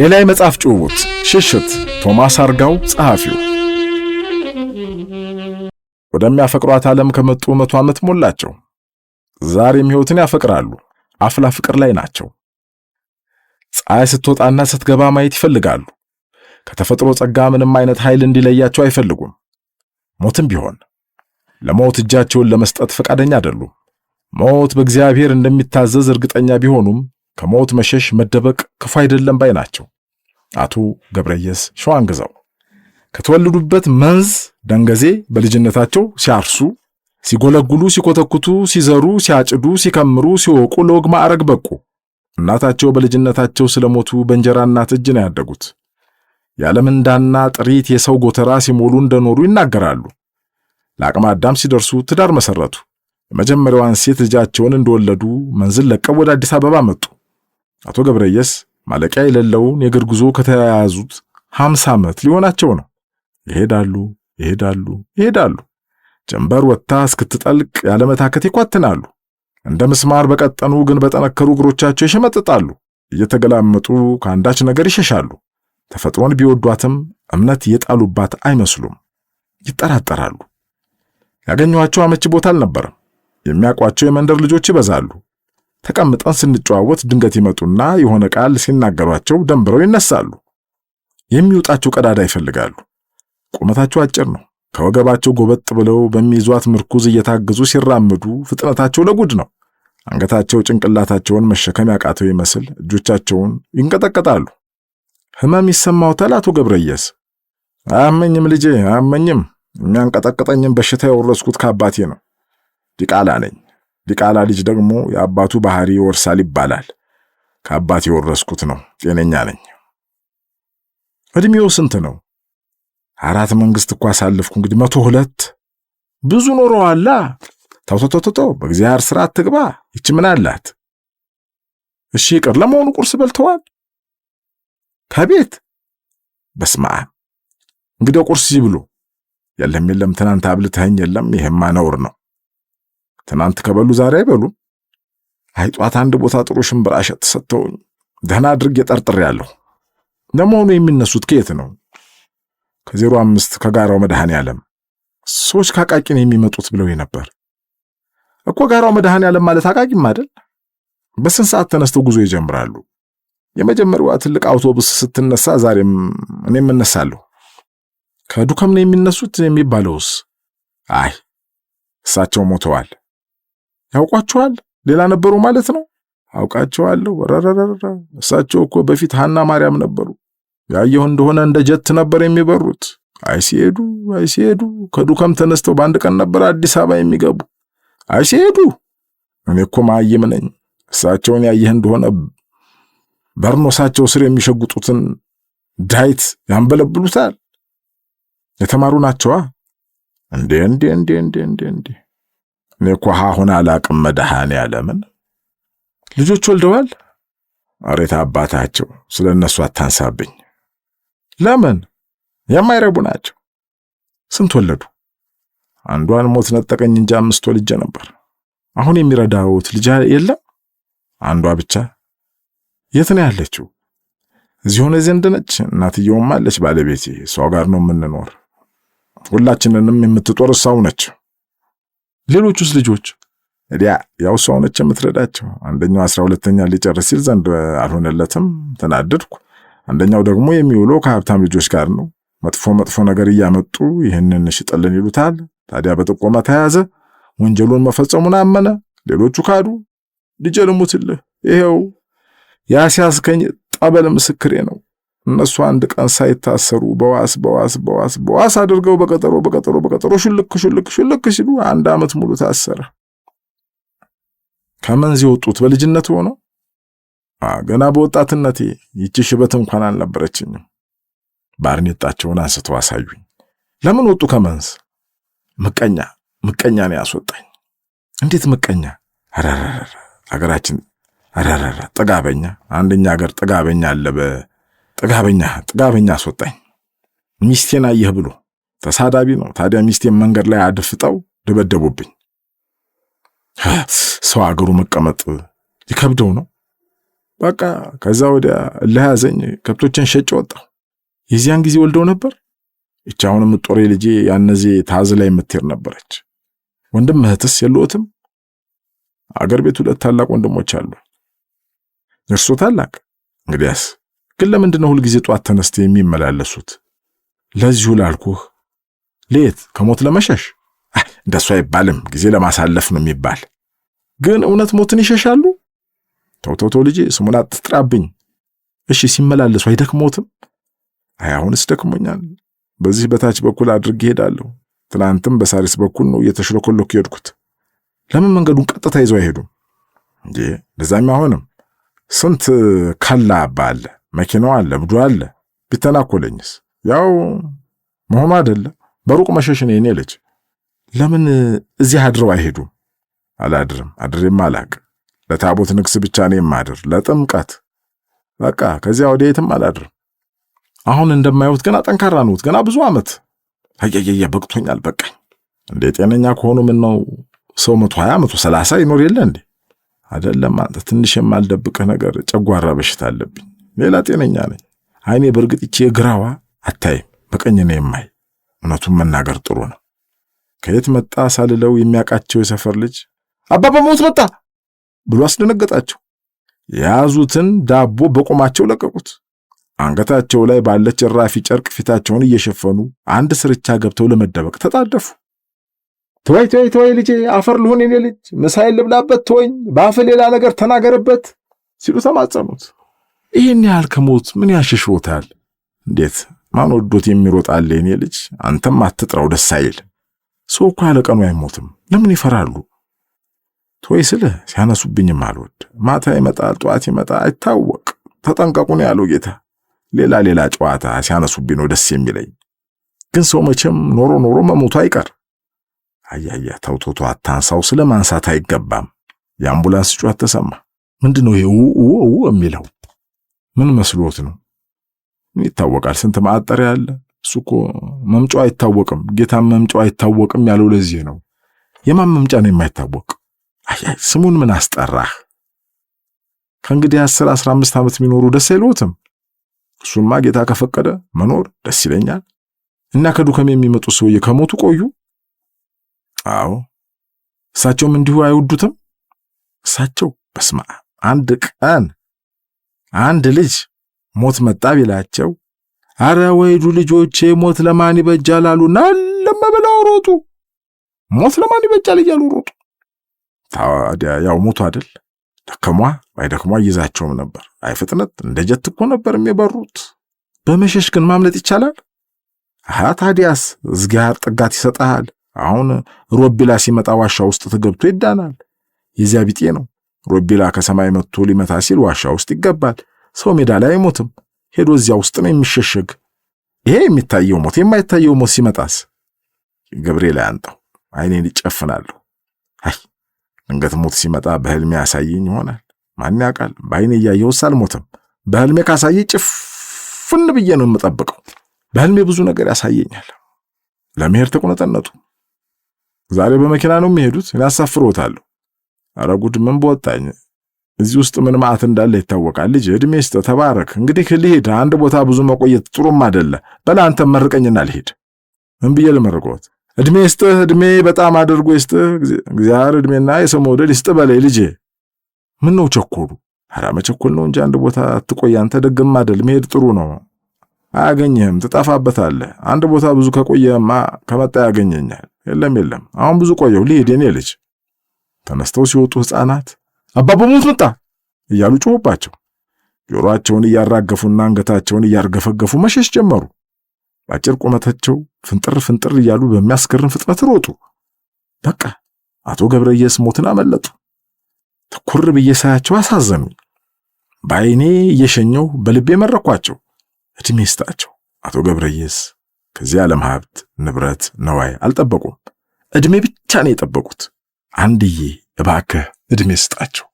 ሌላ የመጽሐፍ ጭውውት ሽሽት ቶማስ አርጋው ጸሐፊው ወደሚያፈቅሯት ዓለም ከመጡ መቶ ዓመት ሞላቸው። ዛሬም ሕይወትን ያፈቅራሉ። አፍላ ፍቅር ላይ ናቸው። ፀሐይ ስትወጣና ስትገባ ማየት ይፈልጋሉ። ከተፈጥሮ ጸጋ ምንም አይነት ኃይል እንዲለያቸው አይፈልጉም። ሞትም ቢሆን ለሞት እጃቸውን ለመስጠት ፈቃደኛ አይደሉም። ሞት በእግዚአብሔር እንደሚታዘዝ እርግጠኛ ቢሆኑም ከሞት መሸሽ መደበቅ ክፉ አይደለም ባይ ናቸው አቶ ገብረየስ ሸዋንግዛው። ከተወለዱበት መንዝ ደንገዜ በልጅነታቸው ሲያርሱ ሲጎለጉሉ፣ ሲኮተኩቱ፣ ሲዘሩ፣ ሲያጭዱ፣ ሲከምሩ፣ ሲወቁ ለወግ ማዕረግ በቁ። እናታቸው በልጅነታቸው ስለሞቱ በእንጀራ እናት እጅ ነው ያደጉት። ያለ ጥሪት የሰው ጎተራ ሲሞሉ እንደኖሩ ይናገራሉ። ለአቅመ አዳም ሲደርሱ ትዳር መሰረቱ። የመጀመሪያዋን ሴት ልጃቸውን እንደወለዱ መንዝን ለቀው ወደ አዲስ አበባ መጡ። አቶ ገብረየስ ማለቂያ የሌለውን የእግር ጉዞ ከተያያዙት ሀምሳ ዓመት ሊሆናቸው ነው። ይሄዳሉ፣ ይሄዳሉ፣ ይሄዳሉ። ጀንበር ወጥታ እስክትጠልቅ ያለመታከት ይኳትናሉ። እንደ ምስማር በቀጠኑ ግን በጠነከሩ እግሮቻቸው ይሸመጥጣሉ። እየተገላመጡ ከአንዳች ነገር ይሸሻሉ። ተፈጥሮን ቢወዷትም እምነት የጣሉባት አይመስሉም። ይጠራጠራሉ። ያገኟቸው አመቺ ቦታ አልነበረም። የሚያውቋቸው የመንደር ልጆች ይበዛሉ። ተቀምጠን ስንጨዋወት ድንገት ይመጡና የሆነ ቃል ሲናገሯቸው ደንብረው ይነሳሉ። የሚውጣቸው ቀዳዳ ይፈልጋሉ። ቁመታቸው አጭር ነው። ከወገባቸው ጎበጥ ብለው በሚይዟት ምርኩዝ እየታገዙ ሲራመዱ ፍጥነታቸው ለጉድ ነው። አንገታቸው ጭንቅላታቸውን መሸከም ያቃተው ይመስል እጆቻቸውን ይንቀጠቀጣሉ። ህመም ይሰማውታል አቶ ገብረየስ። አያመኝም ልጄ፣ አያመኝም። የሚያንቀጠቅጠኝም በሽታ የወረስኩት ከአባቴ ነው። ዲቃላ ነኝ። ዲቃላ ልጅ ደግሞ የአባቱ ባህሪ ይወርሳል ይባላል። ከአባት የወረስኩት ነው። ጤነኛ ነኝ። እድሜው ስንት ነው? አራት መንግስት እኮ አሳልፍኩ። እንግዲህ መቶ ሁለት ብዙ ኖረዋላ። ታውቶቶቶቶ በእግዚአብሔር ስራ አትግባ። ይች ምን አላት? እሺ ይቅር። ለመሆኑ ቁርስ በልተዋል? ከቤት በስማ እንግዲህ ቁርስ ይብሉ። የለም የለም፣ ትናንት አብልተኸኝ የለም። ይሄማ ነውር ነው። ትናንት ከበሉ ዛሬ አይበሉም። አይጧት አንድ ቦታ ጥሩ ሽምብራ እሸት ሰጥተውኝ ደህና አድርጌ ጠርጥሬያለሁ። ለመሆኑ የሚነሱት ከየት ነው? ከዜሮ አምስት ከጋራው መድኃኔ ዓለም ሰዎች ከአቃቂ ነው የሚመጡት ብለው ነበር እኮ። ጋራው መድኃኔ ዓለም ማለት አቃቂም አይደል? በስንት ሰዓት ተነስተው ጉዞ ይጀምራሉ? የመጀመሪያዋ ትልቅ አውቶቡስ ስትነሳ ዛሬም እኔም እነሳለሁ። ከዱከም ነው የሚነሱት የሚባለውስ? አይ እሳቸው ሞተዋል። ያውቋቸዋል። ሌላ ነበሩ ማለት ነው። አውቃቸዋለሁ። ረረረረ እሳቸው እኮ በፊት ሀና ማርያም ነበሩ። ያየሁ እንደሆነ እንደ ጀት ነበር የሚበሩት። አይሲሄዱ አይሲሄዱ ከዱከም ተነስተው በአንድ ቀን ነበር አዲስ አበባ የሚገቡ። አይሲሄዱ እኔ እኮ መሃይም ነኝ። እሳቸውን ያየህ እንደሆነ በርኖሳቸው ስር የሚሸጉጡትን ዳይት ያንበለብሉታል። የተማሩ ናቸዋ። እንዴ እንዴ እንዴ እንዴ እንዴ እኔ እኮ አሁን አላቅም መድሃን ያለምን ልጆች ወልደዋል። አሬታ አባታቸው ስለ እነሱ አታንሳብኝ። ለምን የማይረቡ ናቸው። ስንት ወለዱ? አንዷን ሞት ነጠቀኝ እንጂ አምስት ወልጄ ነበር። አሁን የሚረዳውት ልጅ የለም፣ አንዷ ብቻ። የት ነው ያለችው? እዚህ ሆነ ዘንድ ነች። እናትየውም አለች ባለቤቴ፣ እሷ ጋር ነው የምንኖር። ሁላችንንም የምትጦር እሷው ነች። ሌሎቹስ ልጆች እዲያ ያው እሷ ሆነች የምትረዳቸው። አንደኛው አስራ ሁለተኛ ሊጨርስ ሲል ዘንድ አልሆነለትም። ተናደድኩ። አንደኛው ደግሞ የሚውለው ከሀብታም ልጆች ጋር ነው። መጥፎ መጥፎ ነገር እያመጡ ይህንን ሽጥልን ይሉታል። ታዲያ በጥቆማ ተያዘ። ወንጀሉን መፈጸሙን አመነ። ሌሎቹ ካዱ። ልጄ ልሙትልህ፣ ይሄው ያሲያስከኝ ጠበል ምስክሬ ነው። እነሱ አንድ ቀን ሳይታሰሩ በዋስ በዋስ በዋስ በዋስ አድርገው በቀጠሮ በቀጠሮ በቀጠሮ ሹልክ ሹልክ ሹልክ ሲሉ አንድ ዓመት ሙሉ ታሰረ። ከመንዝ የወጡት በልጅነት ሆኖ ገና በወጣትነቴ ይቺ ሽበት እንኳን አልነበረችኝም። ባርኔጣቸውን አንስተው አሳዩኝ። ለምን ወጡ ከመንዝ? ምቀኛ ምቀኛ ነው ያስወጣኝ። እንዴት ምቀኛ? አራራራ አገራችን አራራራ ጥጋበኛ፣ አንደኛ ሀገር ጥጋበኛ አለ ጥጋበኛ ጥጋበኛ አስወጣኝ። ሚስቴን አየህ ብሎ ተሳዳቢ ነው ታዲያ። ሚስቴን መንገድ ላይ አድፍጠው ደበደቡብኝ። ሰው አገሩ መቀመጥ ሊከብደው ነው። በቃ ከዛ ወዲያ ለያዘኝ ከብቶችን ሸጭ ወጣሁ። የዚያን ጊዜ ወልደው ነበር። ይቺ አሁን የምትጦሬ ልጄ ያነዚ ታዝ ላይ የምትሄድ ነበረች። ወንድም እህትስ የለዎትም? አገር ቤት ሁለት ታላቅ ወንድሞች አሉ። እርሶ ታላቅ እንግዲያስ ግን ለምንድን ነው ሁልጊዜ ጧት ተነስተ የሚመላለሱት? ለዚሁ ላልኩህ ለየት ከሞት ለመሸሽ እንደሱ አይባልም፣ ጊዜ ለማሳለፍ ነው የሚባል። ግን እውነት ሞትን ይሸሻሉ? ተው ልጄ ስሙን አትጥራብኝ። እሺ ሲመላለሱ አይደክሞትም? አይ አሁንስ ደክሞኛል። በዚህ በታች በኩል አድርጌ ሄዳለሁ ትናንትም በሳሪስ በኩል ነው እየተሽለኮለኩ የሄድኩት። ለምን መንገዱን ቀጥታ ይዘው አይሄዱም እንዴ? ለዛም አይሆንም። ስንት ካላ አባ አለ መኪናው አለ፣ ብዱ አለ። ቢተናኮለኝስ? ያው መሆኑ አይደለ? በሩቅ መሸሽ ነው የኔ ልጅ። ለምን እዚህ አድረው አይሄዱም? አላድርም፣ አድሬም አላቅ። ለታቦት ንግስ ብቻ ነው የማድር፣ ለጥምቀት በቃ። ከዚያ ወደ የትም አላድርም። አሁን እንደማይወት ገና ጠንካራ ነውት፣ ገና ብዙ አመት አየየየ በቅቶኛል፣ በቃኝ። እንዴ ጤነኛ ከሆኑ ምን ነው ሰው መቶ ሀያ መቶ ሰላሳ ይኖር የለ እንዴ? አይደለም አንተ ትንሽ የማልደብቅህ ነገር ጨጓራ በሽታ አለብኝ ሌላ ጤነኛ ነኝ። አይኔ በእርግጥ ይቺ የግራዋ አታይም፣ በቀኝ ነው የማይ። እውነቱን መናገር ጥሩ ነው። ከየት መጣ ሳልለው የሚያውቃቸው የሰፈር ልጅ አባ በሞት መጣ ብሎ አስደነገጣቸው። የያዙትን ዳቦ በቁማቸው ለቀቁት። አንገታቸው ላይ ባለች እራፊ ጨርቅ ፊታቸውን እየሸፈኑ አንድ ስርቻ ገብተው ለመደበቅ ተጣደፉ። ተወይ ተወይ ተወይ ልጄ አፈር ልሁን የኔ ልጅ ምሳዬን ልብላበት፣ ተወኝ፣ በአፍ ሌላ ነገር ተናገርበት ሲሉ ተማጸኑት። ይህን ያህል ከሞት ምን ያሸሽዎታል? እንዴት ማን ወዶት የሚሮጣል? የኔ ልጅ አንተም አትጥራው፣ ደስ አይል። ሰው እኮ ያለቀኑ አይሞትም። ለምን ይፈራሉ? ቶይ ስለ ሲያነሱብኝም አልወድ። ማታ ይመጣል፣ ጠዋት ይመጣ አይታወቅ። ተጠንቀቁን ያለው ጌታ። ሌላ ሌላ ጨዋታ ሲያነሱብኝ ነው ደስ የሚለኝ። ግን ሰው መቼም ኖሮ ኖሮ መሞቱ አይቀር። አያያ ተውቶቶ አታንሳው፣ ስለ ማንሳት አይገባም። የአምቡላንስ ጩኸት ተሰማ። ምንድነው ይሄ ው የሚለው? ምን መስሎት ነው? ይታወቃል። ስንት ማጠሪያ አለ። እሱ እኮ መምጫው አይታወቅም። ጌታን መምጫው አይታወቅም ያለው ለዚህ ነው። የማን መምጫ ነው የማይታወቅ? አይ ስሙን ምን አስጠራህ? ከእንግዲህ 10 15 ዓመት የሚኖሩ ደስ አይልዎትም? እሱማ ጌታ ከፈቀደ መኖር ደስ ይለኛል። እና ከዱከም የሚመጡ ሰውዬ ከሞቱ ቆዩ። አዎ እሳቸውም እንዲሁ አይወዱትም። እሳቸው በስማ አንድ ቀን አንድ ልጅ ሞት መጣ ቢላቸው አረ ወይዱ ልጆቼ ሞት ለማን ይበጃል አሉና ለማ ብለው ሮጡ። ሞት ለማን ይበጃል እያሉ ሮጡ። ታዲያ ያው ሞቱ አይደል ደከሟ ባይደከሟ ይዛቸውም ነበር። አይ ፍጥነት እንደ ጀት እኮ ነበር የሚበሩት። በመሸሽ ግን ማምለጥ ይቻላል? አሃ ታዲያስ እግዚአብሔር ጥጋት ይሰጣል። አሁን ሮቢላ ሲመጣ ዋሻ ውስጥ ተገብቶ ይዳናል። የዚያ ቢጤ ነው። ሮቢላ ከሰማይ መጥቶ ሊመታ ሲል ዋሻ ውስጥ ይገባል። ሰው ሜዳ ላይ አይሞትም፣ ሄዶ እዚያ ውስጥ ነው የሚሸሸግ። ይሄ የሚታየው ሞት፣ የማይታየው ሞት ሲመጣስ? ገብርኤል አያንጣው፣ አይኔን ይጨፍናለሁ። አይ ድንገት ሞት ሲመጣ በህልሜ ያሳየኝ ይሆናል። ማን ያውቃል? በአይኔ እያየውስ አልሞትም። በህልሜ ካሳየ ጭፍን ብዬ ነው የምጠብቀው። በህልሜ ብዙ ነገር ያሳየኛል። ለመሄድ ተቆነጠነጡ። ዛሬ በመኪና ነው የሚሄዱት፣ እኔ አሳፍሮታለሁ። አረጉድ ምን በወጣኝ። እዚህ ውስጥ ምን ማዕት እንዳለ ይታወቃል። ልጅ እድሜ ስጥ፣ ተባረክ። እንግዲህ ልሂድ፣ አንድ ቦታ ብዙ መቆየት ጥሩም አይደለ። በላ አንተ መርቀኝና ልሂድ። ምን ብዬ ልመርቆት? እድሜ ስጥህ፣ እድሜ በጣም አድርጎ ይስጥህ። እግዚአብሔር እድሜና የሰው መውደድ ይስጥ በላይ ልጄ። ምን ነው ቸኮሉ? ኧረ መቸኮል ነው እንጂ አንድ ቦታ አትቆይ አንተ። ደግም አደል መሄድ ጥሩ ነው። አያገኝህም፣ ትጠፋበታለህ። አንድ ቦታ ብዙ ከቆየህማ ከመጣ ያገኘኛል። የለም የለም፣ አሁን ብዙ ቆየው፣ ልሂድ የኔ ልጅ ተነስተው ሲወጡ ሕፃናት አባቦ ሙት መጣ እያሉ ጮሁባቸው። ጆሮአቸውን እያራገፉና አንገታቸውን እያርገፈገፉ መሸሽ ጀመሩ። በአጭር ቁመታቸው ፍንጥር ፍንጥር እያሉ በሚያስገርም ፍጥነት ሮጡ። በቃ አቶ ገብረየስ ሞትን አመለጡ። ትኩር ብዬ ሳያቸው አሳዘኑኝ። በአይኔ እየሸኘው በልቤ መረኳቸው። እድሜ ይስጣቸው አቶ ገብረየስ ከዚህ ዓለም ሀብት ንብረት ነዋይ አልጠበቁም። እድሜ ብቻ ነው የጠበቁት። አንድዬ እባክህ እድሜ ስጣቸው።